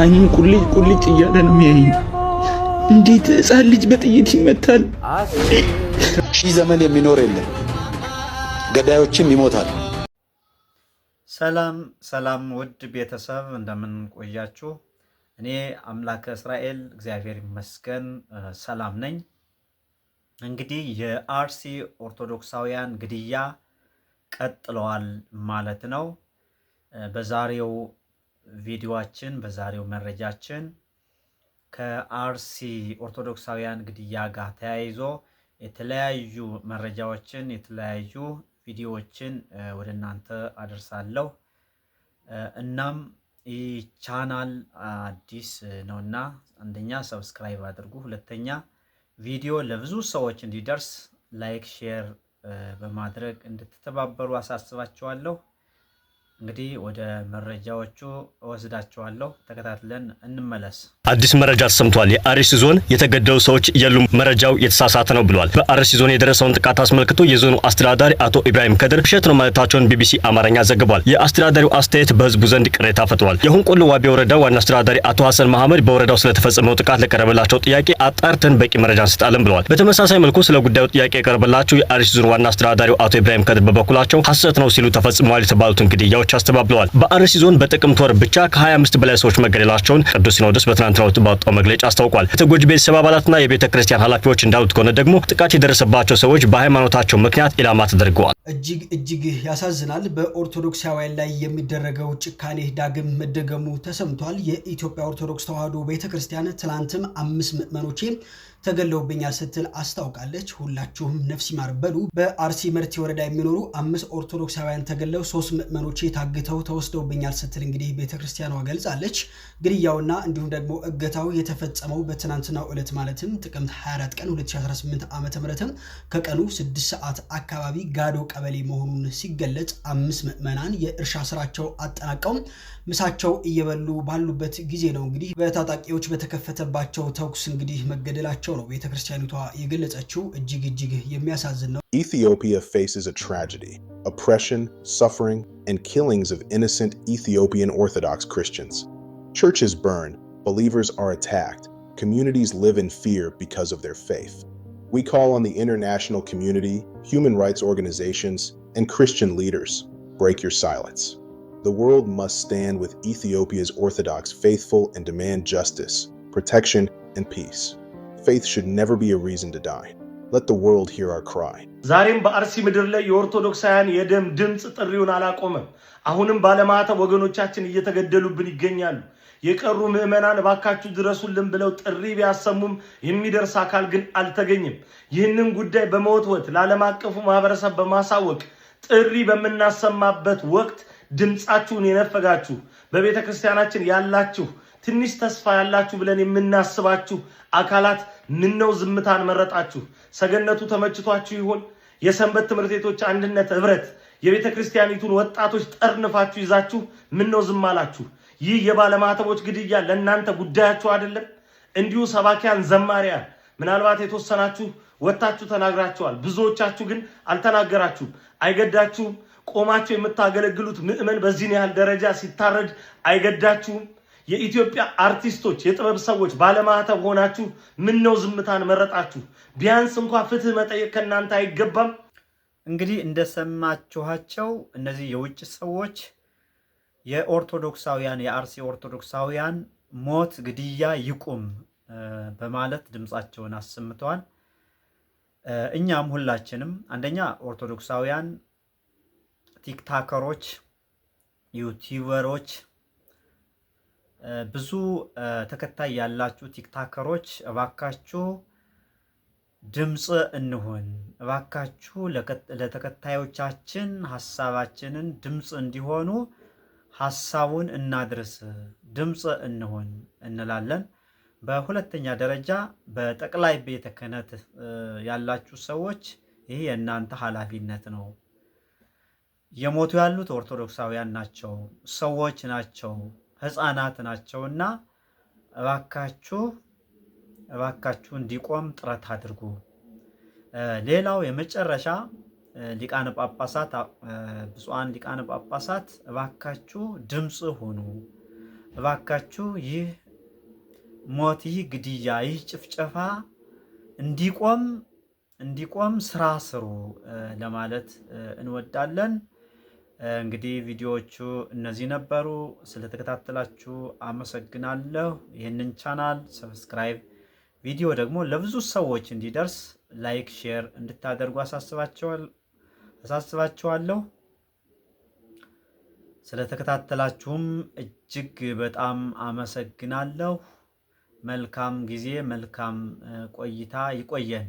አይኑን ቁልጭ ቁልጭ እያለ ነው የሚያየኝ። እንዴት ሕፃን ልጅ በጥይት ይመታል? ሺህ ዘመን የሚኖር የለም፣ ገዳዮችም ይሞታል። ሰላም ሰላም፣ ውድ ቤተሰብ እንደምን ቆያችሁ? እኔ አምላከ እስራኤል እግዚአብሔር ይመስገን ሰላም ነኝ። እንግዲህ የአርሲ ኦርቶዶክሳውያን ግድያ ቀጥለዋል ማለት ነው። በዛሬው ቪዲዮአችን በዛሬው መረጃችን ከአርሲ ኦርቶዶክሳውያን ግድያ ጋር ተያይዞ የተለያዩ መረጃዎችን የተለያዩ ቪዲዮዎችን ወደ እናንተ አደርሳለሁ። እናም ይህ ቻናል አዲስ ነውና አንደኛ ሰብስክራይብ አድርጉ፣ ሁለተኛ ቪዲዮ ለብዙ ሰዎች እንዲደርስ ላይክ፣ ሼር በማድረግ እንድትተባበሩ አሳስባችኋለሁ። እንግዲህ ወደ መረጃዎቹ እወስዳቸዋለሁ። ተከታትለን እንመለስ። አዲስ መረጃ ተሰምቷል። የአርሲ ዞን የተገደሉ ሰዎች የሉም፣ መረጃው የተሳሳተ ነው ብሏል። በአርሲ ዞን የደረሰውን ጥቃት አስመልክቶ የዞኑ አስተዳዳሪ አቶ ኢብራሂም ከድር ውሸት ነው ማለታቸውን ቢቢሲ አማርኛ ዘግቧል። የአስተዳዳሪው አስተያየት በህዝቡ ዘንድ ቅሬታ ፈጥሯል። የሁንቆሎ ዋቢ ወረዳ ዋና አስተዳዳሪ አቶ ሀሰን መሐመድ በወረዳው ስለተፈጸመው ጥቃት ለቀረበላቸው ጥያቄ አጣርተን በቂ መረጃ እንሰጣለን ብለዋል። በተመሳሳይ መልኩ ስለ ጉዳዩ ጥያቄ የቀረበላቸው የአርሲ ዞን ዋና አስተዳዳሪው አቶ ኢብራሂም ከድር በበኩላቸው ሀሰት ነው ሲሉ ተፈጽመዋል የተባሉትን ግድያዎች ባለሙያዎች አስተባብለዋል። በአርሲ ዞን በጥቅምት ወር ብቻ ከ25 በላይ ሰዎች መገደላቸውን ቅዱስ ሲኖዶስ በትናንትናው ዕለት ባወጣው መግለጫ አስታውቋል። የተጎጂ ቤተሰብ አባላትና የቤተ ክርስቲያን ኃላፊዎች እንዳሉት ከሆነ ደግሞ ጥቃት የደረሰባቸው ሰዎች በሃይማኖታቸው ምክንያት ኢላማ ተደርገዋል። እጅግ እጅግ ያሳዝናል። በኦርቶዶክሳውያን ላይ የሚደረገው ጭካኔ ዳግም መደገሙ ተሰምቷል። የኢትዮጵያ ኦርቶዶክስ ተዋሕዶ ቤተ ክርስቲያን ትላንትም አምስት ምዕመኖቼ ተገለውብኛል ስትል አስታውቃለች። ሁላችሁም ነፍስ ይማር በሉ። በአርሲ መርቲ ወረዳ የሚኖሩ አምስት ኦርቶዶክሳውያን ተገለው ሶስት ምዕመኖች ታግተው ተወስደውብኛል ስትል እንግዲህ ቤተክርስቲያኗ ገልጻለች። ግድያውና እንዲሁም ደግሞ እገታው የተፈጸመው በትናንትናው ዕለት ማለትም ጥቅምት 24 ቀን 2018 ዓ ም ከቀኑ 6 ሰዓት አካባቢ ጋዶ ቀበሌ መሆኑን ሲገለጽ አምስት ምዕመናን የእርሻ ስራቸው አጠናቀው ምሳቸው እየበሉ ባሉበት ጊዜ ነው እንግዲህ በታጣቂዎች በተከፈተባቸው ተኩስ እንግዲህ መገደላቸው ነው የገለጸችው። እጅግ እጅግ የሚያሳዝን ነው። Ethiopia faces a tragedy, oppression, suffering, and killings of innocent Ethiopian Orthodox Christians. Churches burn, believers are attacked, communities live in fear because of their faith. We call on the international community, human rights organizations, and Christian leaders. Break your silence. The world must stand with Ethiopia's Orthodox faithful and demand justice, protection, and peace. faith should never be a reason to die. Let the world hear our cry. ዛሬም በአርሲ ምድር ላይ የኦርቶዶክሳውያን የደም ድምፅ ጥሪውን አላቆመም። አሁንም ባለማተብ ወገኖቻችን እየተገደሉብን ይገኛሉ። የቀሩ ምዕመናን እባካችሁ ድረሱልን ብለው ጥሪ ቢያሰሙም የሚደርስ አካል ግን አልተገኘም። ይህንን ጉዳይ በመወትወት ለዓለም አቀፉ ማህበረሰብ በማሳወቅ ጥሪ በምናሰማበት ወቅት ድምፃችሁን የነፈጋችሁ በቤተ ክርስቲያናችን ያላችሁ ትንሽ ተስፋ ያላችሁ ብለን የምናስባችሁ አካላት ምን ነው ዝምታን መረጣችሁ? ሰገነቱ ተመችቷችሁ ይሆን? የሰንበት ትምህርት ቤቶች አንድነት ህብረት የቤተ ክርስቲያኒቱን ወጣቶች ጠርንፋችሁ ይዛችሁ ምን ነው ዝም አላችሁ? ይህ የባለማተቦች ግድያ ለእናንተ ጉዳያችሁ አይደለም? እንዲሁ ሰባኪያን፣ ዘማሪያን ምናልባት የተወሰናችሁ ወጥታችሁ ተናግራችኋል። ብዙዎቻችሁ ግን አልተናገራችሁም። አይገዳችሁም? ቆማችሁ የምታገለግሉት ምዕመን በዚህን ያህል ደረጃ ሲታረድ አይገዳችሁም? የኢትዮጵያ አርቲስቶች፣ የጥበብ ሰዎች ባለማህተብ ሆናችሁ ምን ነው ዝምታን መረጣችሁ? ቢያንስ እንኳ ፍትህ መጠየቅ ከእናንተ አይገባም? እንግዲህ እንደሰማችኋቸው እነዚህ የውጭ ሰዎች የኦርቶዶክሳውያን የአርሲ ኦርቶዶክሳውያን ሞት፣ ግድያ ይቁም በማለት ድምፃቸውን አሰምተዋል። እኛም ሁላችንም አንደኛ ኦርቶዶክሳውያን ቲክታከሮች፣ ዩቲዩበሮች ብዙ ተከታይ ያላችሁ ቲክታከሮች እባካችሁ ድምፅ እንሆን፣ እባካችሁ ለተከታዮቻችን ሀሳባችንን ድምፅ እንዲሆኑ ሀሳቡን እናድርስ፣ ድምፅ እንሆን እንላለን። በሁለተኛ ደረጃ በጠቅላይ ቤተ ክህነት ያላችሁ ሰዎች ይህ የእናንተ ኃላፊነት ነው። የሞቱ ያሉት ኦርቶዶክሳውያን ናቸው፣ ሰዎች ናቸው። ህፃናት ናቸውና እባካችሁ እባካችሁ እንዲቆም ጥረት አድርጉ። ሌላው የመጨረሻ ሊቃነ ጳጳሳት ብፁዓን ሊቃነ ጳጳሳት እባካችሁ ድምፅ ሁኑ። እባካችሁ ይህ ሞት፣ ይህ ግድያ፣ ይህ ጭፍጨፋ እንዲቆም እንዲቆም ስራ ስሩ ለማለት እንወዳለን። እንግዲህ ቪዲዮዎቹ እነዚህ ነበሩ። ስለተከታተላችሁ አመሰግናለሁ። ይህንን ቻናል ሰብስክራይብ፣ ቪዲዮ ደግሞ ለብዙ ሰዎች እንዲደርስ ላይክ፣ ሼር እንድታደርጉ አሳስባችኋለሁ። ስለተከታተላችሁም እጅግ በጣም አመሰግናለሁ። መልካም ጊዜ፣ መልካም ቆይታ። ይቆየን።